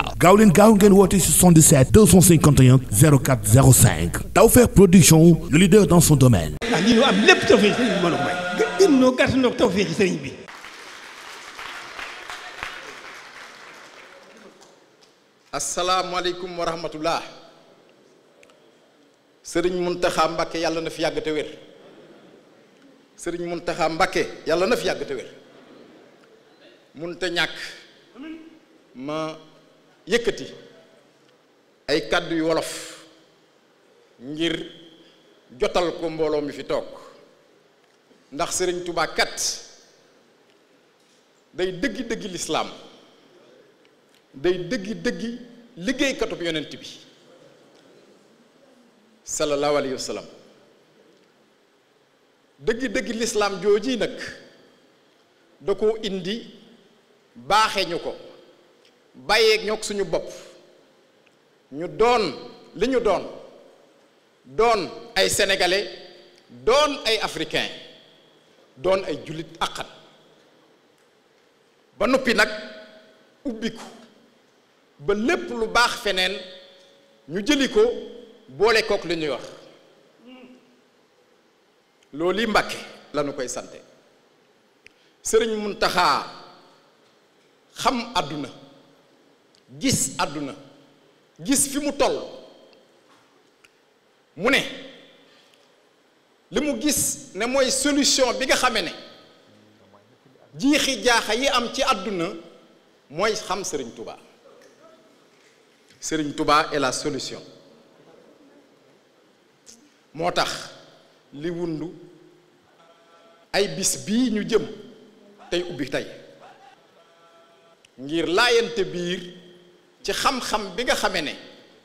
waaw gaaw leen gaaw ngeen woote 77 251 04 05 Tawfekh dans son domaine. ah lii ñu am lépp tawfeex sëriñ bi mën a may. gën noo gàtt noo tawfeex sëriñ bi. asalaamualeykum wa yàlla na fi yàgg te wér sëriñ yàlla na fi yàgg ñàkk ma. yëkkati ay kàddu yu wolof ngir jotal ko mbooloo mi fi toog ndax sëriñ Tuubaa kat day dëggi dëggi lislaam day dëggi dëggi liggéeykatub yonent bi sallallahu alayhi wa dëggi dëggi lislaam jooji nag da koo indi baaxe ñu ko bàyyeeg ñoog suñu bopp ñu doon li ñu doon doon ay sénégalais doon ay africain doon ay jullit àqat ba noppi nag ubbiku ba lépp lu baax feneen ñu jëli ko boole kook li ñuy wax loolu yi Mbàkke la ñu koy sante Sëriñ Muntaxa xam àdduna gis àdduna gis fi mu toll mu ne li mu gis ne mooy solution bi nga xame ne jiixi jaaxa yi am ci àdduna mooy xam Sëriñ Tuubaa Sëriñ tubaa est la solution moo tax li wundu ay bis bii ñu jëm tey ubbi tey ngir laayante biir ci xam-xam bi nga xamee ne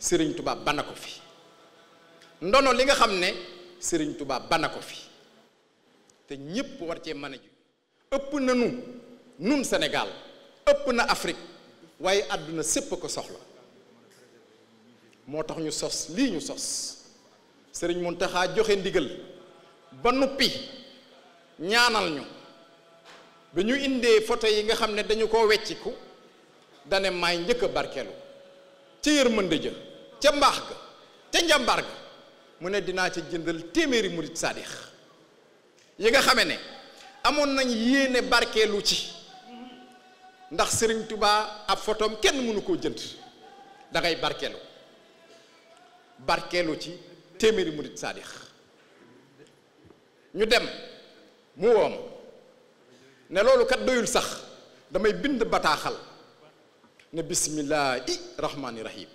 sëriñ tubaab bana ko fi ndono li nga xam ne sëriñ tubaab bana ko fi te ñépp war cee mën a ji ëpp na nu nun Sénégal ëpp na Afrique waaye àdduna sépp ko soxla moo tax ñu sos lii ñu sos sëriñ taxaa joxe ndigal ba nuppi ñaanal ñu bi ñu indee photo yi nga xam ne dañu koo wecciku dane maay njëkk a barkeelu ca yërmande ja ca mbaax ga ca njàmbaar ga mu ne dinaa ca jëndal téeméeri murit saadix yi nga xame ne amoon nañ yéene barkeelu ci ndax sëriñ tubaa ab fotoom kenn mënu koo jënd dangay ngay barkeelu barkeelu ci téeméeri murit saadix ñu dem mu woom ne loolu kat doyul sax damay bind bataaxal ne bismillaahi rahmaani rahim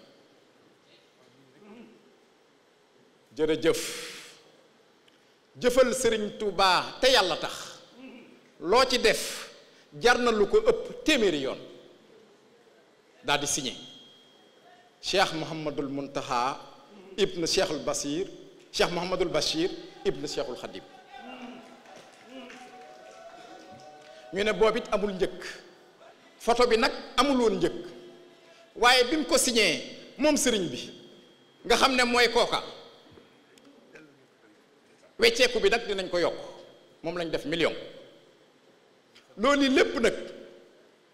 jërëjëf jëfal sëriñ Touba te yàlla tax loo ci def jar na lu ko ëpp téeméeri yoon daal di signé cheikh Mouhamadul Muntaha ibn cheikhul Basir cheikh Mouhamadul Bachir ibn cheikhul Khadim ñu ne boobu amul njëkk foto bi nag amul woon njëkk. waaye bi mu ko siñee moom sëriñ bi nga xam ne mooy kooka wecceeku bi nag dinañ ko yokk moom lañ def million loolu lépp nag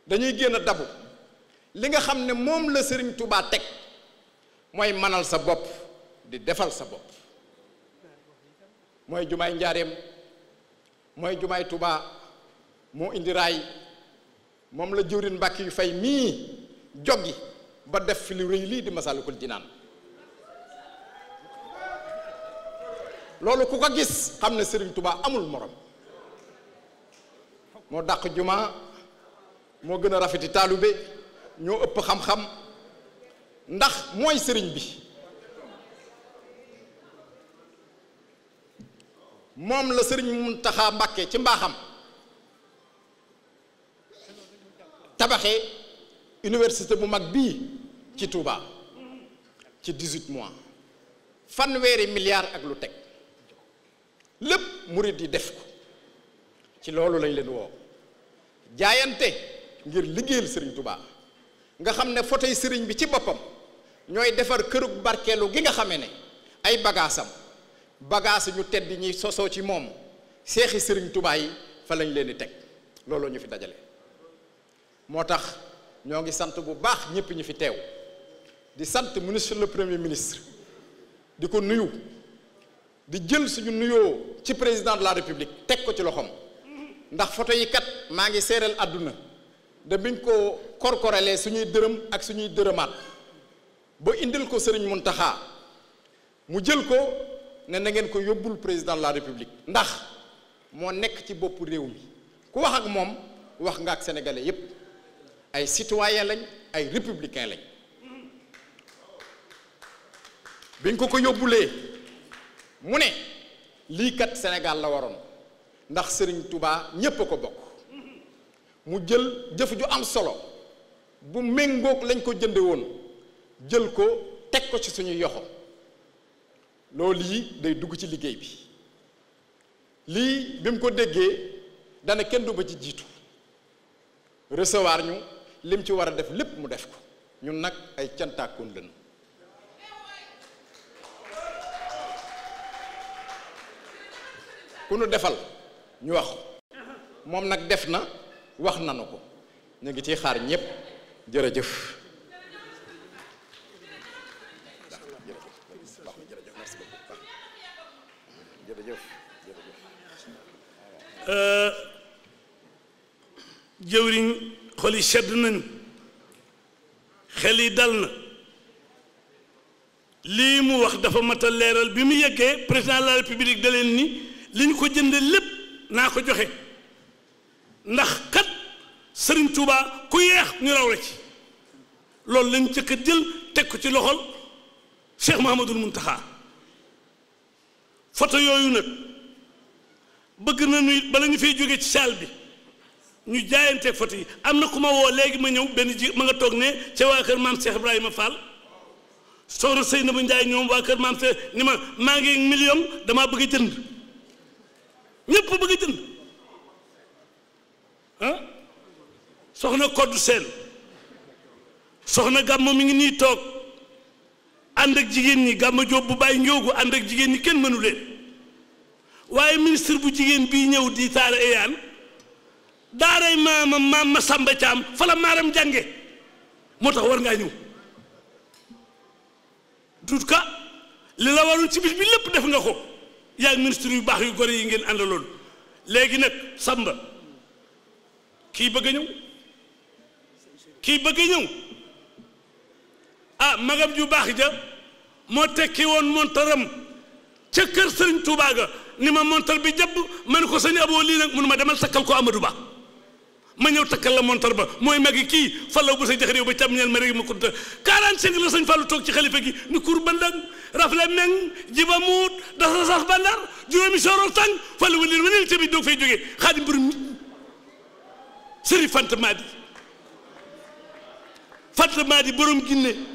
dañuy génn dabu li nga xam ne moom la sëriñ Touba teg mooy manal sa bopp di defal sa bopp mooy jumaay njaareem mooy jumaay tubaa moo indi raay moom la jëwrin mbàkk yu fay mii joggi ba def fi lu rëy lii di Masaalikul Jinaan loolu ku ko gis xam ne sëriñ tubaab amul moroom moo dàq jumaa moo gën a rafeti taalube ñoo ëpp xam-xam ndax mooy sëriñ bi moom la sëriñ taxa Mbàkke ci mbaaxam tabaxee université bu mag bii ci Touba ci 18 mois fanweeri milliards ak lu teg lépp murid yi def ko ci loolu lañ leen woo jaayante ngir liggéeyal sëriñ Touba nga xam ne foto yi sëriñ bi ci boppam ñooy defar kërug barkeelu gi nga xamee ne ay bagaasam bagaas ñu tedd ñi sosoo ci moom seexi sëriñ tubaa yi fa lañ leen di teg looloo ñu fi dajale moo tax ñoo ngi sant bu baax ñëpp ñu fi teew di sant monsieur le premier ministre di ko nuyu di jël suñu nuyoo ci président de la république teg ko ci loxoom ndax foto yi kat maa ngi seeral àdduna da biñ ko korkorelee suñuy dërëm ak suñuy dërëmaat ba indil ko sëriñ taxaa mu jël ko ne na ngeen ko yóbbul président de la république ndax moo nekk ci boppu réew mi ku wax ak moom wax nga ak sénégalais yépp ay citoyen lañ ay républicain lañ biñ ko ko yóbbulee mu ne lii kat Sénégal la waroon ndax sëriñ tubaa ñépp a ko bokk mu jël jëf ju am solo bu méngoog lañ ko jënde woon jël ko teg ko ci suñuy yoxo loo lii day dugg ci liggéey bi lii bi mu ko déggee dana kenn du ci jiitu recevoir ñu lim ci war a def lépp mu def ko ñun nag ay cantaakoon lañu ku nu defal ñu wax moom nag def na wax nanu ko ñu ngi ciy xaar ñépp jërëjëf euh, jëwriñ xol sedd nañu xel yi dal na lii mu wax dafa mat a leeral bi mu yeggee président de la république da ni li ñu ko jënde lépp naa ko joxe ndax kat sëriñ Touba ku yeex ñu raw la ci loolu lañ jëkk a jël teg ko ci loxol Cheikh Mahamadul Muntaxa photo yooyu nag bëgg nañu bala ñu fay jóge ci saal bi ñu jaayante ak yi am na ku ma woo léegi ma ñëw benn ji ma nga toog ne ca waa kër maam Cheikh Ibrahima Fall soxna Seynabou Ndiaye ñoom waa kër maam Cheikh ni ma maa ngi million damaa bëgg a jënd ñëpp bëgg jënd ah? soxna Koddu Seen soxna gàmmo mi ngi nii toog ànd ak jigéen ñi gàmma Jóob bu bàyyi njóogu ànd ak jigéen ñi kenn mënu leen waaye ministre bu jigéen bii ñëw di taara eyaan daaray maama maam ma sàmba caam fa la maaram jànge moo tax war ngaa ñëw dut ka li la warul ci bis bi lépp def nga ko yaa ministre yu baax yu gore yi ngeen àndaloon léegi nag sàmba kii bëgg a kii bëgg a ñëw ah magam ju baax ja moo tekki woon montaram ca kër sëriñ Tuubaa ga ni ma montar bi jàpp man ko sëñ aboo lii nag mun ma demal takkal ko Amadou Ba ma ñëw takkal la montar ba mooy magi kii fallaw bu sa jaxëréw ba càmmiñal ma régi ma kunta quarante cinq la sëñ Fallou toog ci xalifa gi ni kur bandang rafle meng jiba muut dasa sax bandar juróomi sooro tàng fàllu walin wanel tamit doog fay jógee xaadim borom sëri fant maadi fant maadi borom ginne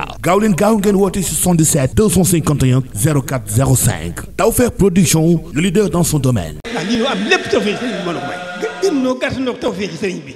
gaaw gaaw leen gaaw ngeen woote si 77 251 04 05 Tawfekh Production le leader dans son domaine. Ah, am lépp tawfeex sëriñ bi mën a may. gën noo gàtt noo tawfeex sëriñ bi.